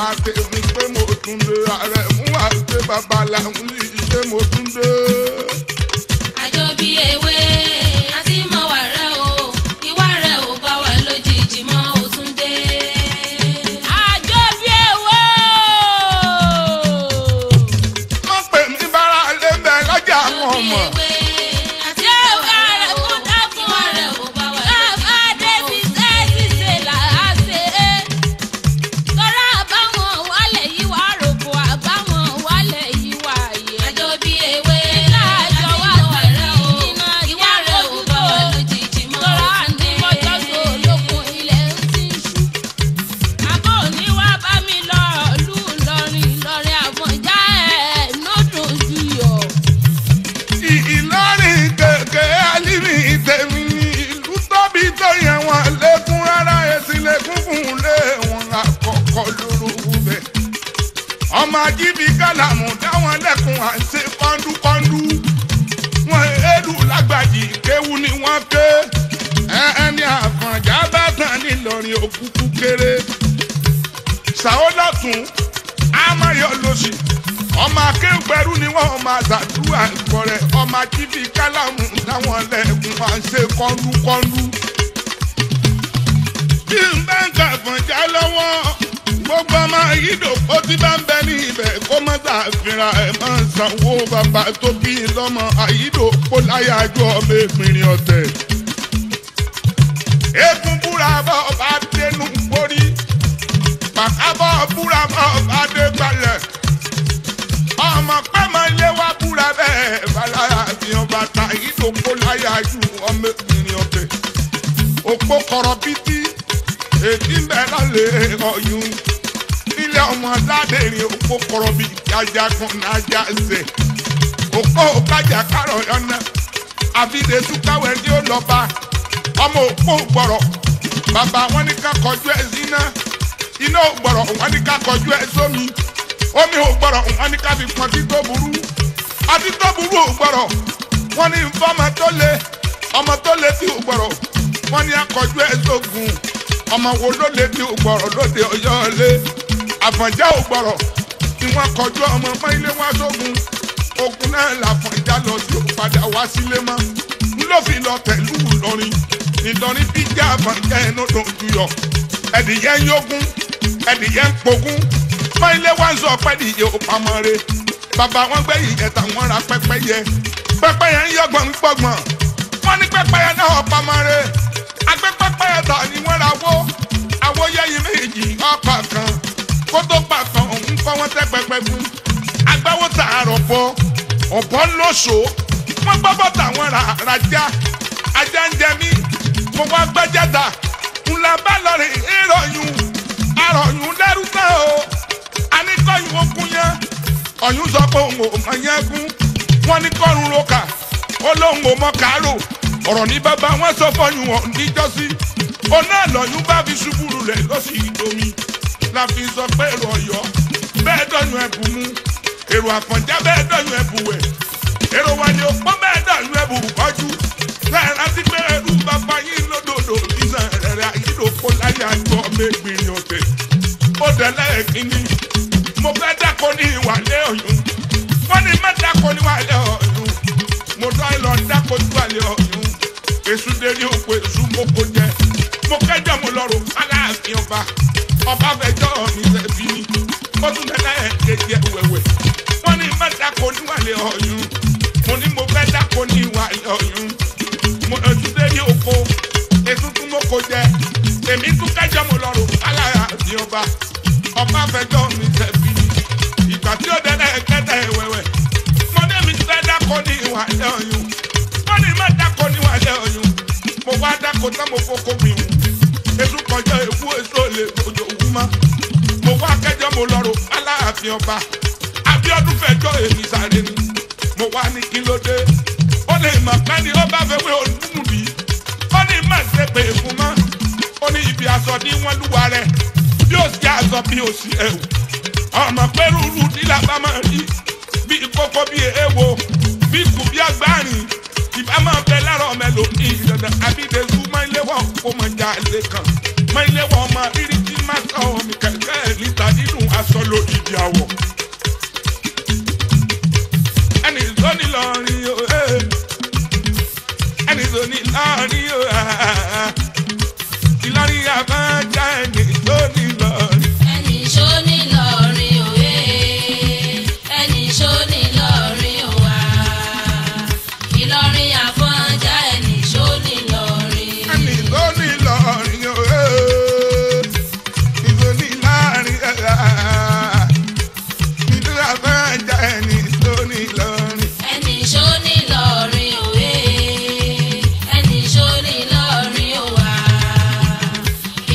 máa ké fún pé mo tún dé ààrẹ mú wá pé bàbá làwọn yìí ṣé mo tún dé. àjọ bíi ewé. kéré sàódàtún amáyọlọsì ọmọ akéwùgbẹrù ni wọn máa ṣàdúrà ìkọrẹ ọmọ akíbi kálámù táwọn lẹkùn máa ń ṣe kọlùkọlù. bí n bá ń kàfọ̀njá lọ́wọ́ gbogbo ọmọ ìdòkó tí bá ń bẹ ní ibẹ̀ kó mọ́ sàfihàn ẹ̀ máa ń sanwó bàbá tó bí lọ́mọ àyídòkó láyàjọ́ ọmọ ìpínlẹ̀ ọ̀tẹ̀. eégún búra bá ọba dénú màkàbọ̀ búra mọ́ adégbàlẹ̀ ọmọ pẹ́mọ ilé wa búra bẹ́ẹ̀ balaya ni ọba ta ìdókò láyà ju ọmọ ìrìn ọbẹ̀ òpó kọ̀rọ̀ bítí èdè mẹ́ta lè ọyún nílẹ̀ ọmọ aládèrè òpó kọ̀rọ̀ bí ajagun n'ajà ṣe òpó òkájà kárọ̀ yọ̀nà àbídé túkáwẹ̀ ni ó lọ́ba ọmọ òpó gbọ̀rọ̀ bàbá wọn ní ká kọjú ẹ̀ sí náà iná ò gbọ̀rọ̀ wọ́n ní kọjú ẹ sómi omi ò gbọ̀rọ̀ wọ́n ní ká fi pọn tí tó burú àti tó burú ò gbọ̀rọ̀ wọ́n ní fọ́mọ tó le ọmọ tó le tí ò gbọ̀rọ̀ wọ́n ní akọjú ẹ sógun ọmọ wo ló le tí ò gbọ̀rọ̀ lóde ọyọ́ lé àfọ̀njá ò gbọ̀rọ̀ tí kọjú ọmọ mọ́ ilé wọn sógun ogun náà làfọ̀n ìjà lọ sí ò wá sílé mọ́ ńlọ́fin lọ tẹ̀lú Ìlọrin Ìlọrin bíjà àfọ̀njá ẹnu tó ju yọ ẹ̀dìyẹ yógún ẹnìyẹn ń pogún máìlé wá ń sọ pé nìyẹn ò pamọ́ re bàbá wọn gbé ìyẹn táwọn ra pẹ́pẹ́yẹ pẹ́pẹ́yẹ ń yọgbọ̀n ń gbọ̀gbọ̀n wọ́n ní pẹ́pẹ́yẹ náà ò pamọ́ re agbé pẹ́pẹ́yẹ tà ni wọ́n ra wó àwòyẹyẹ méjì ọkọ̀ kan kó tó pàtàn òun kọ́ wọ́n tẹ́ pẹ́pẹ́gun agbáwo tààrọ̀ bọ ọ̀bọ lóṣòó wọ́n gbọ́ bọ́ tàwọn ràjá ajá ń jẹ mí mo wá gbẹ́jẹ́ ta ńlá bá lọ rìn ìrọ̀yùn lára ọ̀yún dẹ́rù tán o aníkọ́yún ogun yẹn ọ̀yún sọ pé òun ò mọ yẹn gún wọ́n ní kọ́run ló kà ó lóun ò mọ kàárò ọ̀rọ̀ ní bàbá wọn sọ fọyún wọn níjọ́sí òun náà lọ́yún bá fi ṣubú lulẹ̀ lọ́sì ìdomi la fi sọ pé èrò ọ̀yọ́ bẹ́ẹ̀ dọ̀yún ẹ̀bù mu èrò àpọ̀njá bẹ́ẹ̀ dọ̀yún ẹ̀bù wẹ̀ èrò wà ní òpó bẹ́ẹ̀ dọ̀yún ẹ̀bù kọjú lẹ́ẹ̀rántí pé ẹrú bàbá yín lódòdó nísàn rẹ̀ dòkó láyé àjọ mẹ́gbìnrin ọ̀tẹ̀. ó dẹ̀lẹ́ ẹ̀kíní mo fẹ́ dákọ ní ìwàlẹ̀ ọ̀yún wọ́n ní má dákọ ní ìwàlẹ̀ ọ̀yún mo tọ́ ẹ lọ dákọ ní ìwàlẹ̀ ọ̀yún èṣù délé òkú èṣù mo kò jẹ mo kẹjọ mo lọ rò aláàfin ọba ọba fẹjọ ọ̀nì sẹ́bí ó tún dẹ̀lẹ́ ẹ̀kejì ẹ̀wẹ̀wẹ̀ wọ́n ní má dákọ ní ìwàlẹ̀ ọ̀yún mo ní mo fẹ́ dákọ ní ìwàlẹ̀ ọ̀yún mo tèmi tún kẹjọ mo lọ rò alára ni ọba ọba fẹjọ mi tẹbi ìgbà tí ó dẹdẹ kẹtẹ wẹwẹ mọdé mi fẹ dákọ ní ìwà ẹ ọyún mọdé má dákọ ní ìwà ẹ ọyún mo wá dákọ tán mo fọkọ mi hù ètò kọjá ewu èso lè bojò wú má mo wá kẹjọ mo lọ rò aláàfin ọba Abíọ́dún fẹjọ èmi. sọ bí o sì ẹ̀ wò ọmọ pẹ́rù rúdí làbá máa rí bí kókó bí èèwò bí kù bí agbárin ìbá máa bẹ lárọ̀ mẹ́lòmí ìdàdà àbídẹ́sù máa ń léwọ́ kó máa jà lẹ́kàn máa ń léwọ́ máa rírì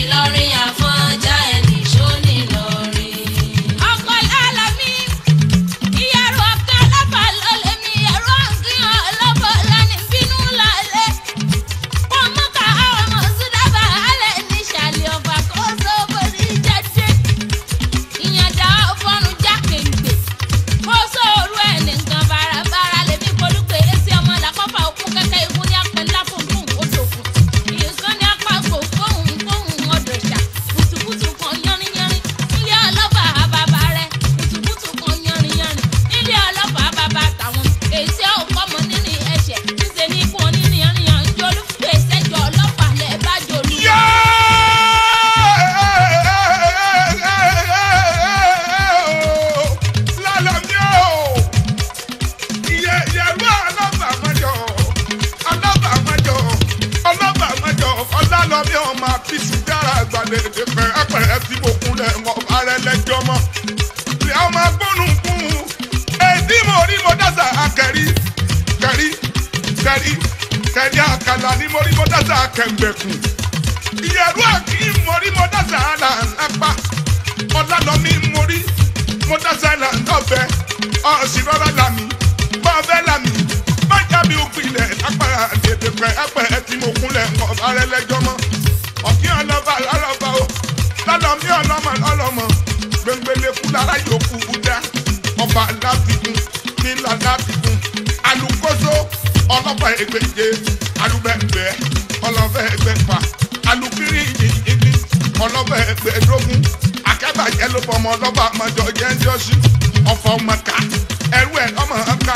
Ìlọrin àfọ. kẹ̀dí àkàlà ní mọ́rímọ́dásà kẹ̀ǹgbẹ̀kùn ìyẹ̀rú àkí mọ́rímọ́dásà là ń apá ọ̀làlọ́mí mórí mọ́dásà là ń dọ̀bẹ ọ̀sìrọ́rọ́ làmì bọ́ọ̀bẹ làmì májàmí òpìlẹ̀ lápá tètè pẹ́ ẹ̀pẹ́ tí mo kúnlẹ̀ mọ́ bàrẹ́ lẹ́jọ́ mọ́ ọ̀kí ọlọ́ba lọ́lọ́ba o lọ́lọ́mí ọlọ́mọ lọ́lọ́mọ gbẹngbẹlẹ́kú lára yòókù dá ọba aláfikún nílò ọlọ́pàá ẹgbẹ́ ṣe alúbẹ̀ẹ̀gbẹ́ ọlọ́fẹ́ ẹgbẹ́ fà alukiri yìí ibi ọlọ́fẹ́ ẹgbẹ́ dógún akẹ́bàjẹ́ ló fọmọ ọlọ́ba àmọ́jọ jẹ́ńjọ́sí ọ̀fọ̀ mọ̀ká ẹrú ẹ̀ ọmọ ọ̀ká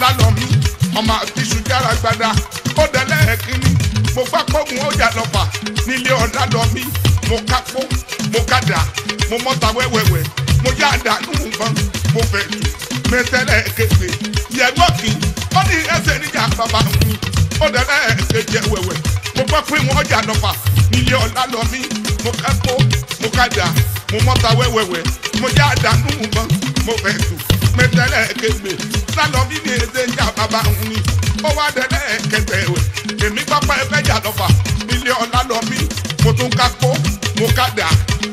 lálọ́mí ọmọ àfiṣu jára gbada ó dẹ́lẹ́ ẹ̀kíní mo gbá pọ́gun ó yà lọ́fà nílé ọ̀dà lọ́mí mo kápó mo kádà mo mọ́ta wẹ́wẹ́wẹ́ mo yá àdánù nǹkan mo fẹ̀ mẹ́tẹ́lẹ̀ kéde yẹ gbọ́ Odi ní ẹsẹ̀ níjà bàbá mi ó dẹ̀lẹ́ ẹsẹ̀ jẹ wẹ̀wẹ̀ mo gbọ́ pé wọ́n jà nọ́fà nílé ọ̀la lọ mí mo ká kó mo ká dà mo mọ́ta wẹ́wẹ̀wẹ̀ mo já dànù mọ́ mo fẹ́ sùn mẹtẹlẹ kẹgbẹ lálọ́ mi ní ẹsẹ̀ níjà bàbá mi ó wá dẹ̀lẹ́ kẹtẹ wẹ̀ èmi pápá ẹgbẹ́ jà nọ́fà nílé ọ̀la lọ mí mo tún ká kó mo ká dà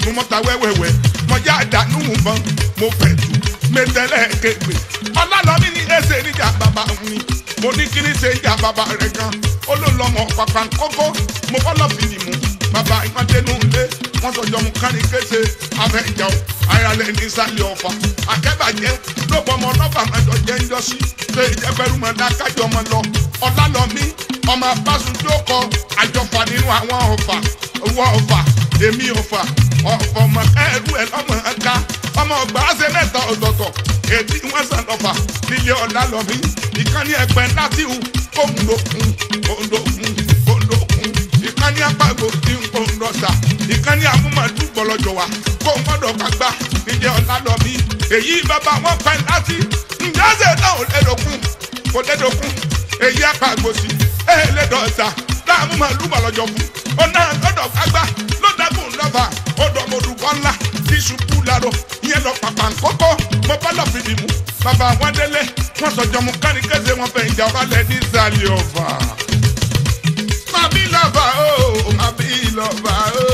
mo mọ́ta wẹ́wẹ̀wẹ̀ mo já dànù mọ́ mo fẹ́ sùn mẹtẹlẹ kẹgbẹ lọ́mí ní ẹsẹ̀ níjà bàbá mi mo ní kí ní ṣe ìjà bàbá rẹ̀ gan olólọ́mọ pàpà kókó mo fọ́lọ́ fi nì mú bàbá ìpàdénú ilé wọ́n sọjọ́ mu kárí kése abẹ́ ìjà o ayálẹ̀ ní sálẹ̀ ọ̀fà akẹ́bàjẹ́ ló bọmọ lọ́ba mẹ́jọ jẹ́ ń yọsí ṣe ìjẹ́bẹ̀rù mọ́ dákájọ́ mọ́ lọ ọ̀làlọ́mí ọmọ abásùndókọ àjọfà nínú àwọn ọ̀fà owó ọ̀fà èmi ọ̀fà ọ̀pọ̀ ọmọ ẹ̀rú ẹ̀ lọ́mọ ẹ̀ka ọmọ ọgbà ṣe mẹ́ta ọ̀tọ̀ọ̀tọ̀ èdè wọn sàn lọ́fà nílé ọ̀la lọ́mí ìkànnì ẹ̀pẹ́ láti hù kóńdókun kóńdókun kóńdókun ìkànnì apágbó ti ń kóńdọ́sà ìkànnì amúmọ̀dú gbọ́lọ́jọ wa kóńgọ́dọ̀ kagbá nílé ọ̀la lọ́mí èyí bàbá wọn pẹ́ láti ǹjẹ́ ṣe náà ò lẹ́dọ̀kun kò lẹ́dọ̀kun èyí apágbó sí ẹ̀ẹ́lẹ́dọ̀sà láàmú màlúù fún ọ̀nà àgọ́dọ̀ kagbá ló dákun lọ́fà ti ṣubú láró ìyẹn lọ pàpà kókó mo bá lọ fìdí mú bàbá wọn délé wọn sọjọ mu kárí kéde wọn fẹ ìjà wa lẹ ní sàlẹ̀ ọ̀fà. màbí lọ́ba o màbí lọ́ba o.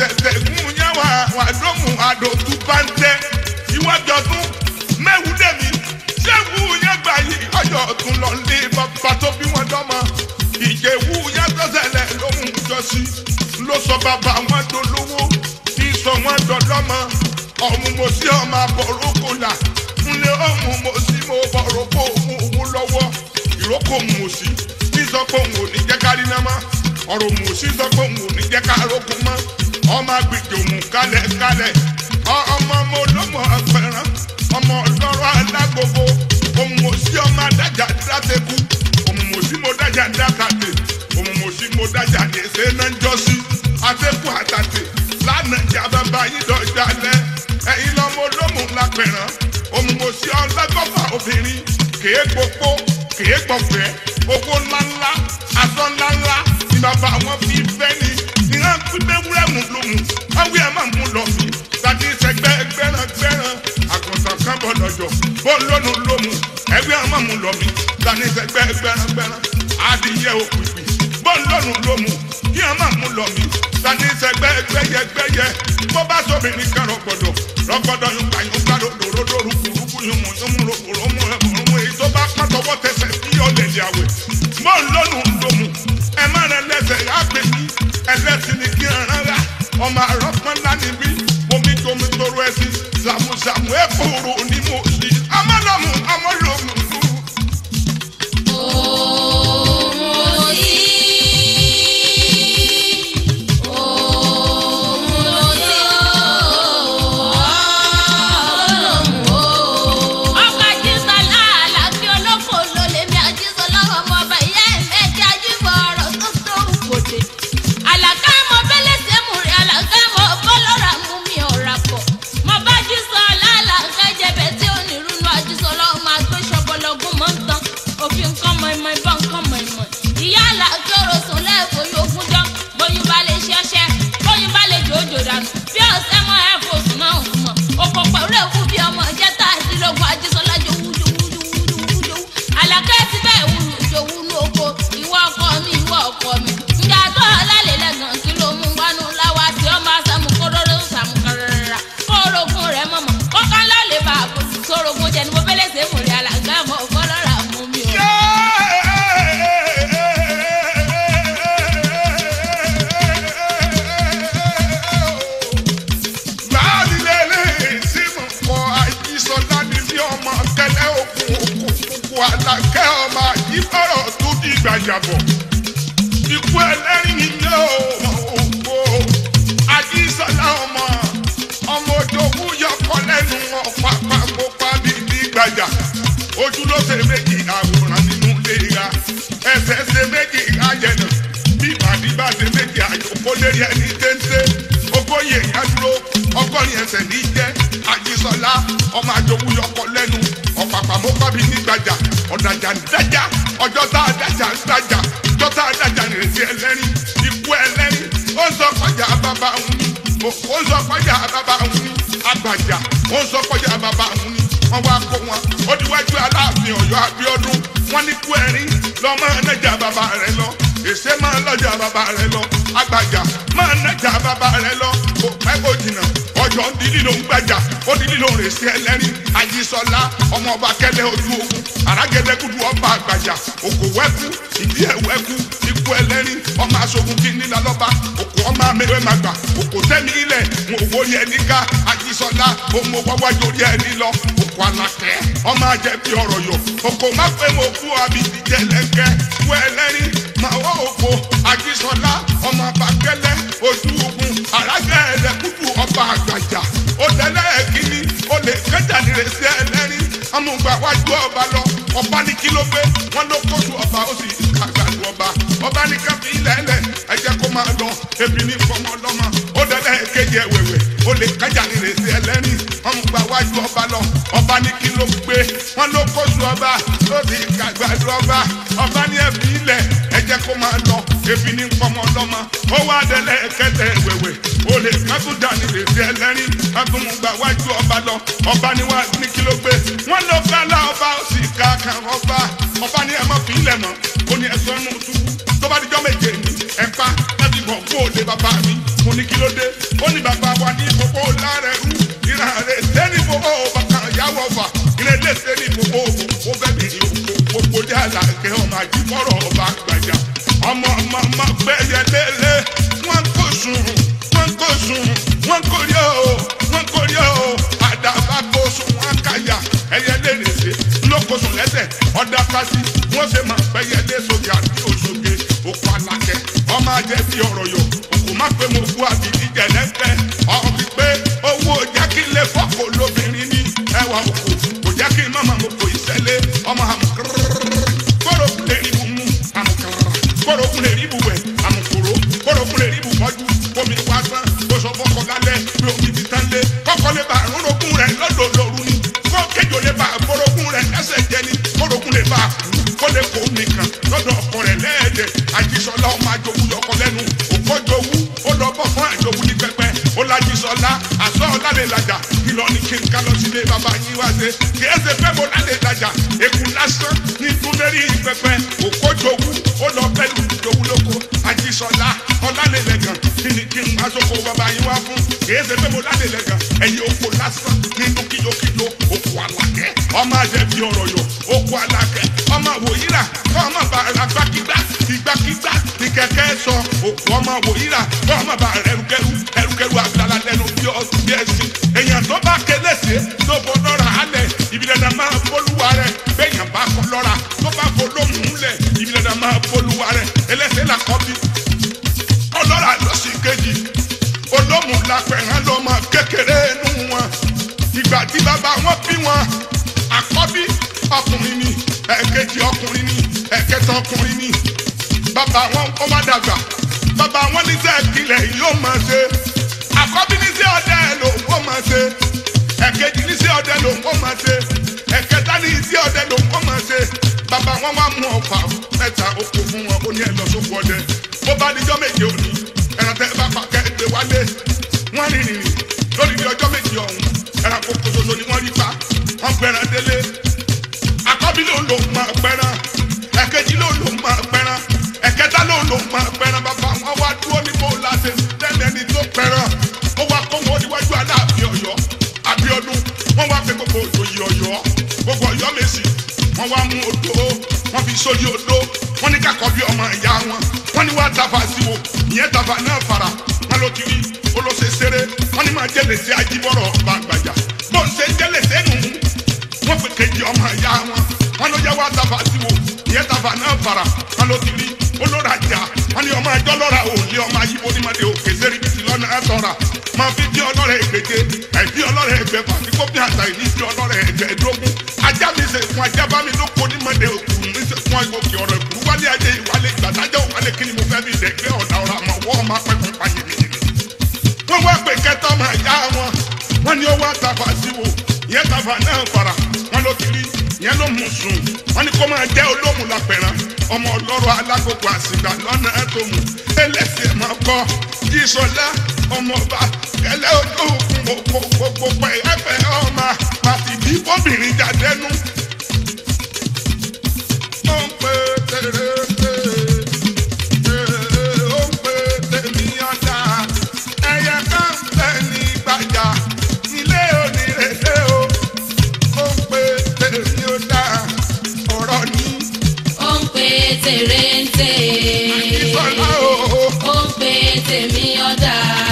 sẹ̀sẹ̀ mú yáwá wàdóhùn àdòtú bá ń tẹ́ ìwọ́jọ́ tún mẹ́wù dẹ̀mí ṣẹ́wù yẹn gbà yìí ọjọ́ tún lọ lé bàbá tó bí wọn dọ́mọ ìjẹ̀wù yẹn tó ṣẹlẹ̀ lóhùn jọ́sí ló sọ bàbá wọn dolówó kí sọ wọn dọ̀dọ́mọ ọ̀hún mo sí ọmọ là ńlẹ̀ ọ̀hún mo sí mo bọ̀rókò mú òun lọ́wọ́ ìrókò mò sí sísọ pé òun ò ní jẹ́ kárí náà mọ́ ọ̀rọ̀ mò sọ pé òun ò ní jẹ́ kárókò mọ́ ọmọ agbègbè òun kálẹ̀kálẹ̀ ọmọ ọmọ olómọ afẹ́ràn ọmọ ọlọ́rọ̀ alágbogbo òun mo sí ọmọ adájà dáteku òun mo sí mo dájà dákàtè òun mo sí mo dájà èsè náà ń jọ sí àtẹkù àtàtè lánàá jábá báyìí dọjà lẹ ẹyin lọmọ olómọ lápẹràn òun mo obìnrin kèé gbogbo kèé gbọgbẹ oko ńláńlá aṣọ ńláńlá ni bàbá wọn fi gbẹran nífẹ̀ẹ́ gbẹ gbẹran gbẹran adìyẹ òpìpì bọ́ọ̀lọ́run ló mú kí a máa mú lọ mí sanífẹ̀ gbẹ gbẹyẹ gbẹyẹ bó bá sómi ní kẹrọ gbọdọ rọgbọdọ yún gbà yún gbà lódò lódò rúkúrúkú yún mú yún mú rògbò rómú ẹkùnrún èyí tó bá pọ́n tọwọ́ tẹsẹ̀ sí ọ̀lẹ́lẹ̀ àwẹ̀ bọ́ọ̀lọ́run ló mú ẹ má rẹ lẹ́sẹ̀ yá gbé mi ẹlẹ́sìn ni kí n rán rá ọmọ àrọ́ ọmọ àjòwú yọkọ lẹ́nu ọ̀pàpà mọ́ bábí ní gbàjà ọ̀dàjà ń dájà ọjọ́ tá a dájà ń dájà ọjọ́ tá a dájà ń retí ikú ẹlẹ́rìn ó ń sọ kọjá bàbá òun ni ó ń sọ kọjá bàbá òun ni àgbàjà ó ń sọ kọjá bàbá òun ni wọ́n wá kó wọn ó diwájú aláàfin ọ̀yọ́ abíọ́dún wọ́n ní kú ẹ̀rín lọ máa nájà bàbá rẹ lọ èsè máa lọ́jà bàbá rẹ lọ àgbàjà máa nájà bàbá rẹ lọ kò pẹ́ kò jìnnà lọ ń di lílo ń gbàjà ó di lílo rèsí ẹlẹ́rìn àjíṣọlá ọmọ ọba kẹlẹ́ ojú ogun àràgẹ́dẹ́gùdù ọba àgbàjà òkò wẹ́kú ìdí ẹ̀ wẹ́kú ikú ẹlẹ́rìn ọmọ aṣogun kí nílá lọ́ba òkò ọmọ amẹ́wẹ́ máa gbà òkò tẹ́mi ilẹ̀ ń wò wórí ẹni ká àjíṣọlá ọmọ wáwájú orí ẹni lọ òkò alakẹ́ ọmọ ajẹ́bí ọ̀rọ̀ yọ òkò má pé mo kú àbídí jẹlẹ́kẹ́ wọ ẹlẹ́rìn màá wọ òkò àjíṣọlá ọmọ ọba àgbàjà ó tẹ́lẹ̀ kínní ó lè kẹjàdínlẹ̀ sí ẹlẹ́rìí amúgbàwájú ọba lọ ọba ní kí ló gbé wọn ló kóṣù ọba ó sì àgbàdo ọba ọba ní ká fi ilẹ̀ ẹlẹ̀ ẹ jẹ́ kó máa lọ ebi ní fọmọ lọ́mọ ó tẹ́lẹ̀ kéje wẹ̀wẹ̀ ó lè kẹjàdínlẹ̀ sí ẹlẹ́rìí amúgbàwájú ọba lọ ọba ní kí ló gbé wọn ló kóṣù ọba ó sì àgbàdo ọba ọba ní ẹbí ilẹ̀ ẹ kó máa lọ ebi ní fọmọ lọ́mọ ó olè mákúdà ní lèzi ẹlẹ́rìn agbóhùngbà wájú ọba lọ ọba ni wá ní kí ló gbé wọ́n lọ fẹ́lá ọba ó sì ká kan ọba ọba ni ẹ mọ̀ fi ilẹ̀ mọ̀ ó ní ẹ̀sọ́ inú túbú tó bá dijọ́ méje ní ẹ̀pá láti bọ̀ kó olè bàbá mi mo ní kí ló dé ó ní bàbá wa ní gbogbo láàrẹ̀ rú ìran rẹ̀ lẹ́ni gbogbo bàbá ìyàwó ọ̀fà ìrẹ́lẹ́sẹ̀ ní gbogbo òfò ó fẹ́ bèrè òfò gbogbo wá sí wọ́n ṣe máa pẹ́yẹlé sókè àti òṣogbe òkú alákẹ́ ọmọ ajẹ́ sí ọ̀rọ̀ yọ òkú má pé mo kú àbí ẹ̀sán ọkùnrin ni bàbá wọn ó má dàgbà bàbá wọn níṣẹ́ ìpìlẹ̀ yóò máa ṣe àkọ́bí níṣẹ́ ọdẹ lòun ó máa ṣe ẹ̀kejì níṣẹ́ ọdẹ lòun ó máa ṣe ẹ̀kẹta ní iṣẹ́ ọdẹ lòun ó máa ṣe bàbá wọn wá mú ọ̀pá mẹ́ta oko fún wọn ó ní ẹ̀ lọ sóko ọdẹ bó bá níjọ́ méje òní ẹran tẹ́ bá pa kẹ́ wálé wọ́n rìnrìn lórí ní méje ọ̀hún ẹran kò kòtòtò ni wọ́n rí pa wọ́n gbẹ̀rẹ̀ délé kọbi ọmọ ìyá wọn wọ́n ní wá tàfà sí wo ìyẹn tàfà náà fara wọn ló kiri olóṣèṣeré wọ́n ní máa jẹ́lẹ̀sẹ̀ ajíbọ̀rọ̀ bá gbàjà bó ń ṣe jẹ́lẹ̀sẹ̀ nù wọ́n fi kejì ọmọ ìyá wọn wọ́n ló jẹ́ wá tàfà sí wo ìyẹn tàfà náà fara wọn ló kiri olórajà wọ́n ní ọmọ àjọ lọ́ra ò lé ọmọ ayíbo onímọ̀dé òkè sẹ́rí bìtì lọ́nà àtọ̀ra máa fi bí ọlọ́rẹ̀ ìgbèjẹ àìbí ọlọ́rẹ̀ ẹgbẹ́ pàṣípò bí àtàyè ní bí ọlọ́rẹ̀ ẹgbẹ́ ajá mi ṣe fún ajá bá mi lóko onímọ̀dé òkú wọn ìwòkè ọ̀rọ̀ ìkú wálé ayé ìwálé gbàdájọ́ wálé kí ni mo fẹ́ bí ìdẹ́gbẹ́ ọ̀dà ọ̀rọ̀ àmọ́ wọ́n máa pẹ́ fún pàyẹ̀mìyẹ̀mì. wọ́n wá pé kẹta ọmọ ìyá wọn wọ́n ní owó àtàfà síwò ìyẹn tàfà náà fara wọ́n ló ti ìyẹn ló mú sùn wọ́n ní kó máa jẹ́ olóhùn lápẹ̀rán ọmọ ọlọ́rọ̀ alágbogbo àsìgbà lọ́nà tó mú ẹlẹ́sẹ̀ máa bọ́ jísọlá ọmọọba kẹlẹ́ ojú òkun gbogbogbò pẹ̀ ẹgbẹ́ ọmọ àti bí bóbìnrin pété rente ó ń pété mi ọ̀dà.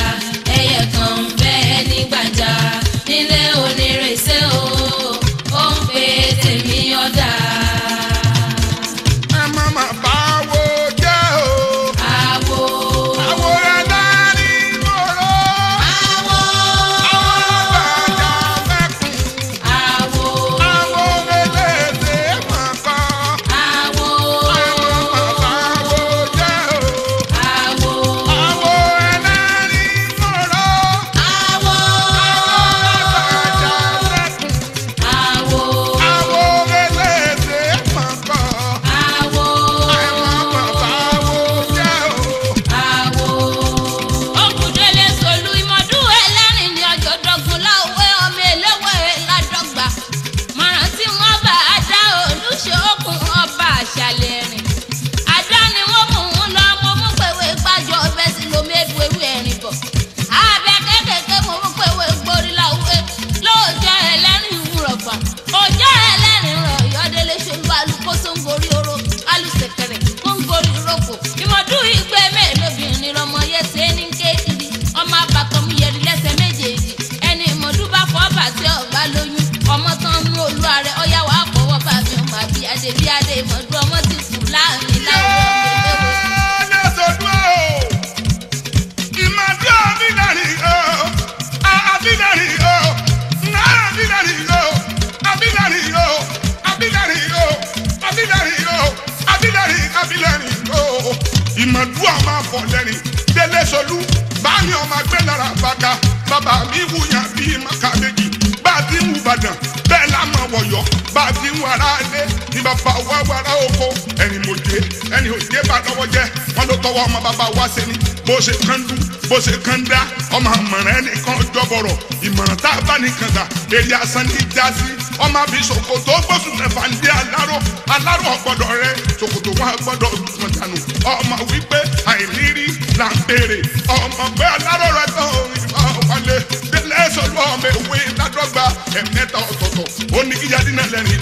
ṣe kandu, dú kanda. ṣe kán dá ọmọ àmọ̀ràn ẹnìkan jọ̀bọ̀rọ̀ ìmọ̀ràn tá a bá nìkan dà èrè àṣà ní já sí ọmọ àbí ṣòkòtò gbósùn mẹ́fà ń dé aláró aláró ọ̀gbọ́dọ̀ rẹ ṣòkòtò wọn gbọ́dọ̀ gbọ̀n dànù ọmọ wípé àìrírí là ń béèrè ọmọ pé aláró rẹ tó ìwà wálé délé sọlọ ọmọ ìwé ládọ́gba ẹ̀mẹ́ta ọ̀tọ̀ọ̀tọ̀ ó ní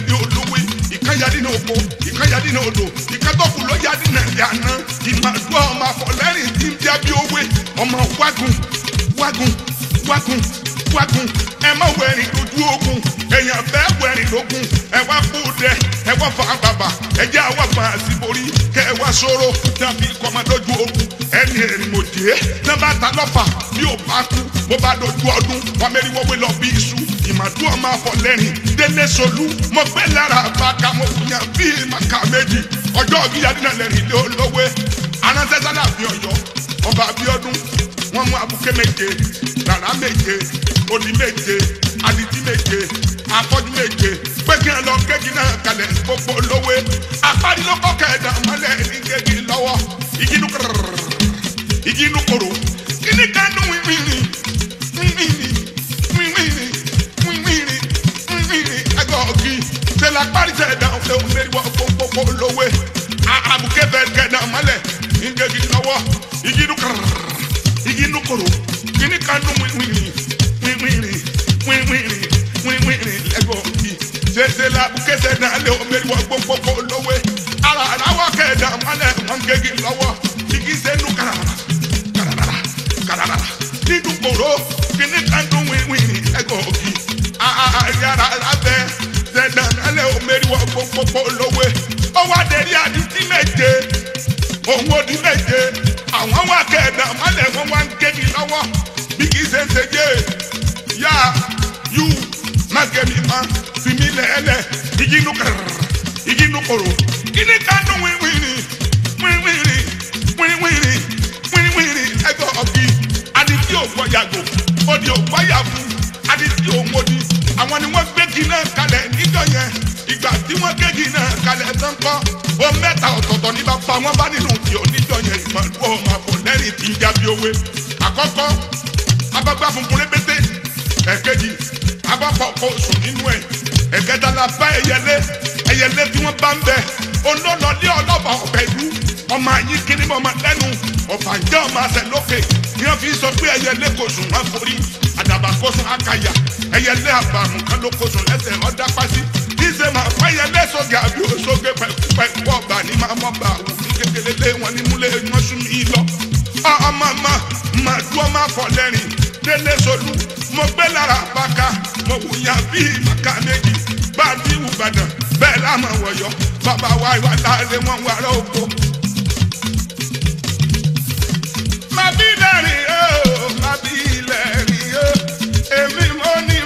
ní olúwi ìkáyadínà òkò ìkan yadi náà odò ìkan tó kù yadi na náà ìmàdúrà ọmọ àfọlẹ́rìn tí ń bí abí òwe ọmọ wágùn wágùn wágùn wágùn ẹ má wẹ̀rìn ogun èèyàn fẹ́ wẹ̀rìn lógún ẹ wá kúdẹ ẹ wá fa bàbà ẹ jẹ́ àwa fa àsìborí kẹ ẹ wá sọ̀rọ̀ tàbí kọ́mọdójú ogun ẹni èrè mòjé nọ́mbà ta lọ́fà bí ó bá kú bó bá dojú ọdún wà mẹ́rin wọ́wé lọ bí iṣu ìmàdú ọmọ afọlẹ́rìn délé solú mo gbé lára àbáka mo yàn bí màkà méjì ọjọ́ òbí yadínà lẹ́rìn lé olówó aránsẹ́sálà bí ọ̀yọ́ ọba Abíọ́dún wọ́n mú abuké méje rárá méje odi méje adití méje afọ́jú méje gbẹ́gẹ́ lọ kéjì náà kalẹ̀ gbogbo lówé apánilọ́kọ̀ kẹ̀dá mọ́lẹ̀ ní kéjì lọ́wọ́ ìjínú kọ̀rọ̀ ìjínú kọ̀rọ̀ kíní kanú mímìrì mímìrì mímìrì mímìrì mímìrì ẹgbẹ́ tẹ̀lé apárisẹ̀ ẹ̀dá ọ̀fẹ́ òmèríwọ̀ gbogbo lówé abuké bẹ̀rẹ̀ kẹ̀dá mọ́lẹ̀ ní kéjì lọ́wọ́ ìjínú kọ̀rọ̀ igi nukoro kini ka nu wiwiri wiwiri wiwiri wiwiri lẹgbọ mi ṣẹṣẹ la kẹsẹ náà lé omeri wọ gbogbo olówó ara aláwọ kẹdà mọlẹ wọn gègé lọ́wọ́ igi sẹnu karara karara karara nínú koro kini ka nu wiwiri lẹgbọ mi ayara labẹ ṣẹṣẹ náà lé omeri wọ gbogbo olówó ọwọ adẹrí adi ti méje òun odi méje àwọn wà kẹ̀dà mọ́lẹ̀ wọn wá ń gẹ́mi lọ́wọ́ bí kì í ṣe ń ṣe jẹ́ yá yú má gẹ̀mí má fi mí lẹ́ẹ̀lẹ̀ ìjínú kẹrẹ ìjínú kòrò kíní ká dún wíwìrì wíwìrì wíwìrì wíwìrì ẹgbẹ́ ọ̀gbìn adití ògbọ́yàgò odi ògbọ́yàfún adití òmòdì àwọn ni wọ́n gbégi náà kalẹ̀ níjọ yẹn ìgbà tí wọ́n gbégi náà kalẹ̀ tán kọ́ ó mẹ́ta ọ̀tọ̀ọ̀tọ̀ ní bàbá wọn bá nínú ti oníjọ yẹn ìmọ̀lú ọmọ àbọ̀lẹ́rìn ti ń jábí òwe àkọ́kọ́ abágbá funfun répété ẹ̀kejì abápọ̀pọ̀ oṣù nínú ẹ̀ ẹ̀kẹta la bá ẹyẹlé ẹyẹlé tí wọ́n bá ń bẹ olólọ́lé ọlọ́ba ọ̀bẹ ìlú ọmọ àyín kiri ọmọ ni wọ́n fi sọ pé ẹyẹlé làbàkóso akaya ẹyẹlé àbàmù kan ló kóso lẹsẹ ọdá pàṣẹ ìṣe máa fẹyẹlé sóge àbí òṣogbe pẹpẹpọ ọba ní máa mọ bá àwọn kékeré lé wọn ní múlẹ mọṣú mi lọ. ọmọ ma ma dúró má fọ lẹ́rìn délé solú mo gbé lára bàkà mo wùyà bíi bàkà méjì bá a ti wù bàdàn bẹ́ẹ̀ lámà wọ̀yọ́ bàbá wa ìwà láàrin wọn wà lóko. màbí dàrí oh, màbí èmi mo e. ní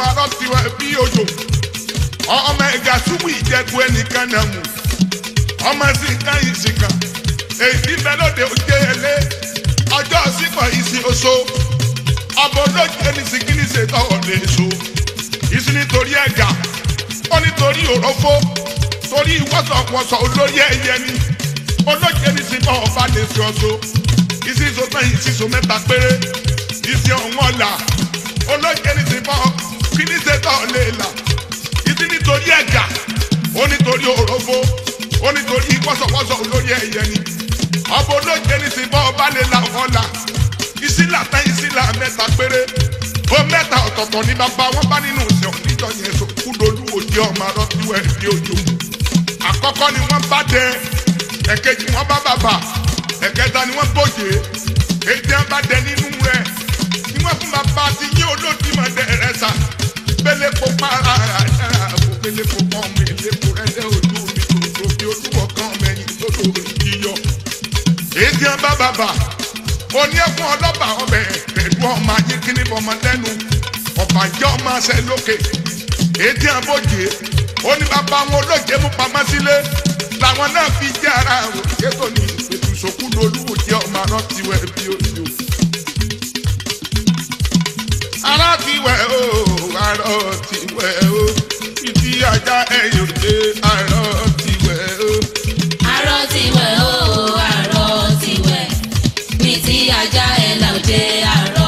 parọ́ tiwẹ̀ bí òjò ọmọ ẹ̀gà súnmù ìjẹ́kù ẹnìkan náà mú ọmọ síkà ìsìnkà èyí bẹ́ẹ̀ lóde òjé ẹlé ọjọ́ sípò ìsìn oṣó ọbọ̀ lójú ẹni sì kí ni ṣe ìsìn nítorí ẹ̀gà ó nítorí òrófó torí wọ́sọ̀wọ́sọ̀ olóyè ẹ̀yẹ ni olóyè ẹni sì ọba lè fi ọṣó ìsìn ìsòtán ìsìn ìsò péré ìsìn ọ̀wọ́n ọ̀la olóyè ẹni sì ọba fi ní sẹ́tà ọ̀lẹ́ ìlà ìdí nítorí ẹ̀gà ó nítorí òrófó ó nítorí wọ́sọ̀wọ́sọ̀ olórí ẹ̀yẹ ni ọba olóje ní ti bọ́ ọba lè la ọ̀la ìsílà tán ìsílà mẹ́ta péré ó mẹ́ta ọ̀tọ̀ọ̀tọ̀ ní bàbá wọn bá nínú ìsìn òníjọ yẹn tó kú lólu òjì ọmọ arọ tí wọ́n ẹ̀ fi ojú àkọ́kọ́ ni wọ́n bá dẹ ẹ̀kejì wọ́n bá bàbà ẹ̀kẹta ni wọ́n bòjé èdè wọn dẹ nínú rẹ̀ ni wọ́n fún bàbá ti yín olódìmọ̀ dẹ rẹ̀ sà pélépo para dára fún pélépo kan mi lépo rẹ́lẹ́ ojú mi tòótọ́ fi olúwọ̀ kan mẹ́yìn lódò yíyọ. èdè ọba bàbà oní ẹkún ọlọ́ba ọbẹ̀ pẹ̀lú ọmọ ayé kíní bọmọ lẹ́nu ọba jẹ́ ọmọ àṣẹ lókè èdè abójì oní bàbá wọn olóje mú pamọ́ sílé làwọn náà fi jẹ́ ara òkè tó ní ìpètùsókú lolúwo jẹ́ ọmọ arọ́ tiwẹ̀ bí ó ti o ara ti wẹ̀ o ara ti wẹ̀ o ìdí ajá ẹ̀yìn òde ara ti wẹ̀ o. ara ti wẹ̀ o ara ti wẹ̀ mi ti ajá ẹ̀ làwùjẹ́ ara.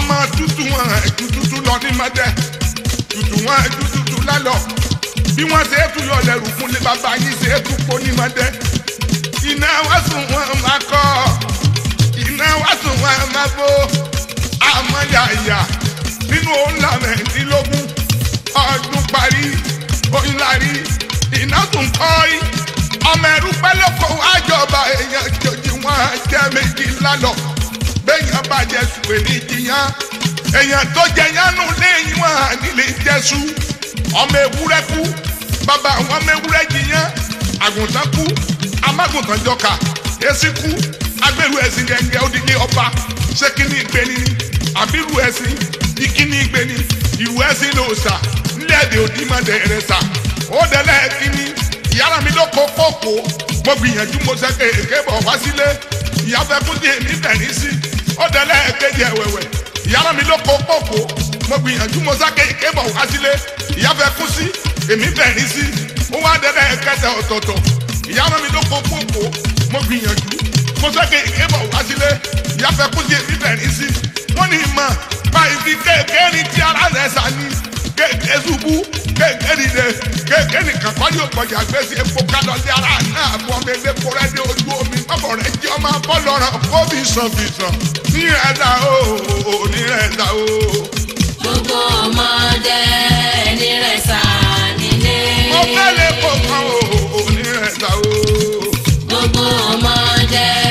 ọmọ tútù wọn ẹ̀jú tútù lọ ní mọ́tẹ́ tútù wọn ẹ̀jú tútù lálọ́ bí wọ́n ṣe é tún yọ lẹ́rù fún lé bàbá yín ṣe é tún ní mọ́tẹ́ iná wá sùn wọn máa kọ́ iná wá sùn wọn máa bó àmọ́ yàyà nínú òǹlà mẹ́rìndínlógún ọdún parí oyin lárí iná tún kọ́ yìí ọmọ ẹ̀rú pẹ́lẹ́kọ̀ọ́ àjọba èèyàn jòjì wọn jẹ́ méjì lálọ́ béèyàn bá jẹ̀sù èlì jiyàn èèyàn tó jẹ yánú léyìn wọn nílé jẹ̀sù ọmọ ewúrẹ́ kú bàbá àwọn ọmọ ewúrẹ́ jiyàn àgùntàn kú amágùntàn jọkà èsì kú agbèrú ẹ̀sìn gẹ̀ǹgẹ̀ odidi ọba ṣé kí ni ìgbé ni àbírú ẹ̀sìn ìkíní ìgbé ni ìrù ẹ̀sìn ló sà nílẹ̀ èdè òdì má dẹ̀ rẹ̀ sà ó dẹ̀lẹ̀ kíní ìyára mi ló kó kókó mo gbìyànjú mo ṣe kéèké bọ̀ wá sílé ìyá fẹ́ kú díẹ̀ níbẹ̀ sí ó dẹ̀lẹ́ kejì ẹ̀wẹ̀wẹ̀ ìyára mi ló kó pòpò mo gbìyànjú mo sáké kébọ̀ wá sílé ìyá fẹ́ kú sí èmi bẹ̀rín sí ó wá dẹ̀lẹ́ kẹsẹ̀ ọ̀tọ̀ọ̀tọ̀ ìyára mi ló kó pòpò mo gbìyànjú mo sáké kébọ̀ wá sílé ìyá kú sí èmi bẹ̀rín sí wọ́n ní ìmọ̀ báyìí fi kéèké ní ti ara rẹ̀ sá kéèké ṣubú kéèké dìde kéèké nìkan kọ́ ní òkànjà gbèsè epo kálọ̀ ní ara náà bọ́ mi lé kúrẹ́ ní ojú omi bọ́bọ̀ rẹ̀ jẹ́ ọmọ bọ́lọ́rọ̀ kó fi sàn fi sàn nírẹ̀dá o nírẹ̀dá o. gbogbo ọmọdé nírẹ̀sà nílé. mo fẹ́ lè kó kan o nírẹ̀dá o. gbogbo ọmọdé.